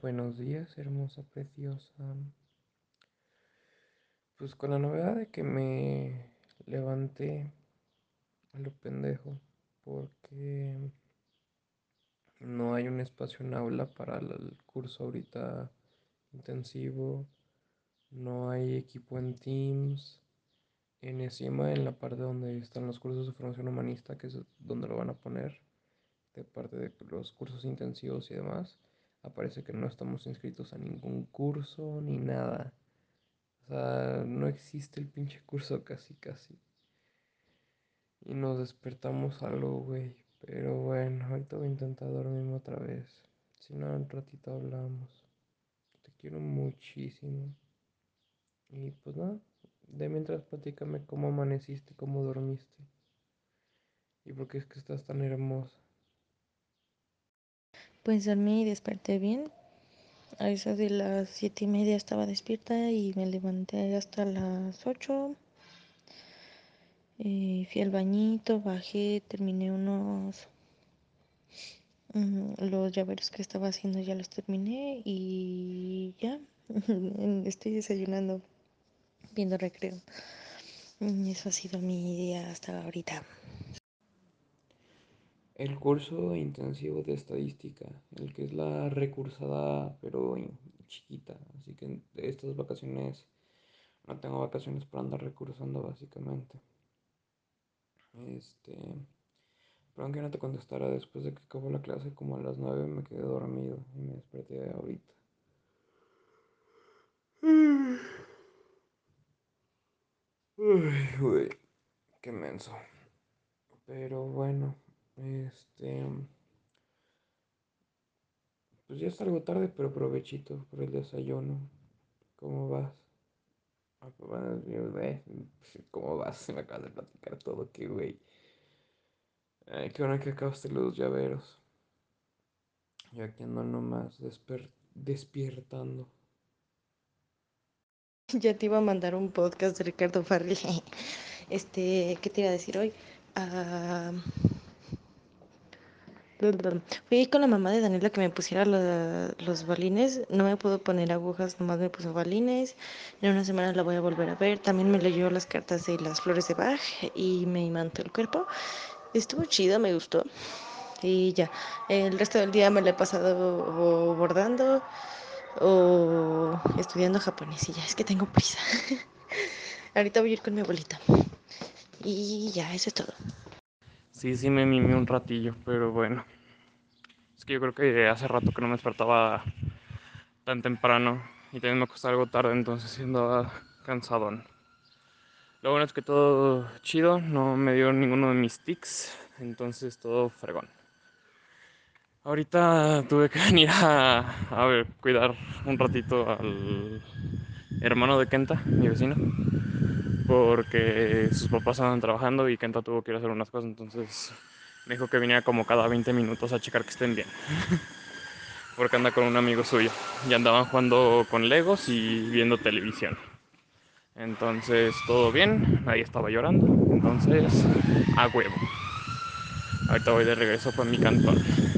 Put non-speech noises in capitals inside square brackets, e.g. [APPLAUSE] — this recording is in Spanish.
Buenos días, hermosa, preciosa. Pues con la novedad de que me levanté a lo pendejo porque no hay un espacio en aula para el curso ahorita intensivo, no hay equipo en Teams. En encima, en la parte donde están los cursos de formación humanista, que es donde lo van a poner, de parte de los cursos intensivos y demás, aparece que no estamos inscritos a ningún curso ni nada. O sea, no existe el pinche curso casi, casi. Y nos despertamos algo, güey. Pero bueno, ahorita voy a intentar dormirme otra vez. Si no, un ratito hablamos. Te quiero muchísimo. Y pues nada, de mientras platícame cómo amaneciste, cómo dormiste. Y por qué es que estás tan hermosa. Pues dormí y desperté bien. A eso de las siete y media estaba despierta y me levanté hasta las 8. Eh, fui al bañito, bajé, terminé unos mm, los llaveros que estaba haciendo ya los terminé y ya [LAUGHS] estoy desayunando viendo recreo. Mm, eso ha sido mi día hasta ahorita. El curso intensivo de estadística, el que es la recursada pero chiquita, así que estas vacaciones no tengo vacaciones para andar recursando básicamente. Este, Perdón que no te contestara después de que acabó la clase, como a las 9 me quedé dormido y me desperté ahorita. Uy, [SIGHS] uy, qué menso. Pero bueno. Este. Pues ya es algo tarde, pero aprovechito por el desayuno. ¿Cómo vas? Ah, pues, eh, ¿Cómo vas? Se [LAUGHS] me acabas de platicar todo, qué güey. qué bueno que acabaste los llaveros. Yo aquí ando nomás despiertando. [LAUGHS] Ya te iba a mandar un podcast de Ricardo Farley. [LAUGHS] Este, ¿qué te iba a decir hoy? Ah... Fui con la mamá de Daniela que me pusiera los, balines. No me pudo poner agujas, nomás me puso balines. En unas semanas la voy a volver a ver. También me leyó las cartas de las flores de Bach y me imantó el cuerpo. Estuvo chido, me gustó. Y ya, el resto del día me la he pasado bordando o estudiando japonés. Y ya, es que tengo prisa. [LAUGHS] Ahorita voy a ir con mi abuelita. Y ya, eso es todo. Sí, sí me mimé un ratillo, pero bueno que yo creo que hace rato que no me despertaba tan temprano y también me acostaba algo tarde, entonces siendo cansadón. Lo bueno es que todo chido, no me dio ninguno de mis tics, entonces todo fregón. Ahorita tuve que [LAUGHS] venir a, a ver, cuidar un ratito al hermano de Kenta, mi vecino, porque sus papás estaban trabajando y Kenta tuvo que ir a hacer unas cosas, entonces me dijo que viniera como cada 20 minutos a checar que estén bien. [LAUGHS] Porque anda con un amigo suyo. Y andaban jugando con Legos y viendo televisión. Entonces, todo bien. Nadie estaba llorando. Entonces, a huevo. Ahorita voy de regreso para mi cantón.